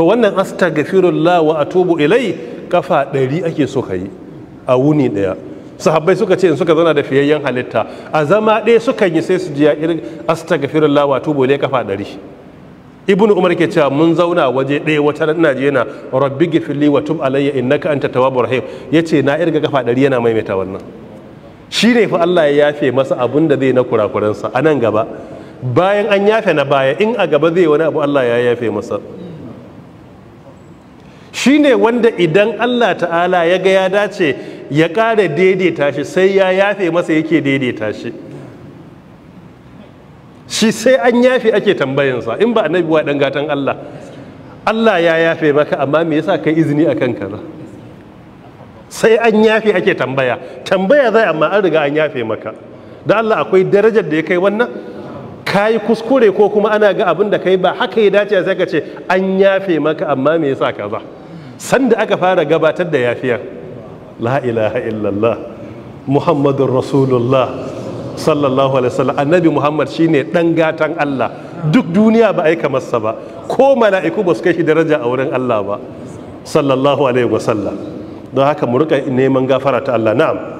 to wannan astaghfirullah wa atubu ilai kafa ɗari ake so ka yi a wuni ɗaya sahabbai suka ce in suka zauna da fiyayyen halitta a zama ɗaya suka yi sai su ji ya irin astaghfirullah wa atubu ilai kafa ɗari ibnu umar ke cewa mun zauna waje ɗaya wata ran ina yana rabbi gifirli wa tub alayya innaka anta tawwabur rahim yace na irga kafa ɗari yana maimaita wannan shine fa Allah ya yafe masa abun da zai na kurakuransa a nan gaba bayan an yafe na baya in a gaba zai wani abu Allah ya yafe masa shine wanda idan Allah ta'ala ya ga ya dace ya ƙara daidaita shi sai ya yafe masa yake daidaita shi shi sai an yafe ake tambayinsa in ba annabi wa dan Allah Allah ya yafe maka amma me yasa kai izini akan kaza sai an yafe ake tambaya tambaya zai amma an riga an yafe maka da Allah akwai darajar da ya kai wannan kayi kuskure ko kuma ana ga abin da kai ba haka ya dace sai ka ce an yafe maka amma me yasa kaza sanda aka fara gabatar da yafiya la ilaha illallah muhammadur rasulullah sallallahu alaihi wasallam annabi muhammad shine ɗan gatan Allah duk duniya ba aika masa ba ko mala'iku ba su kai shi daraja a wurin Allah ba sallallahu alaihi wasallam don haka mu rika neman gafara ta Allah na'am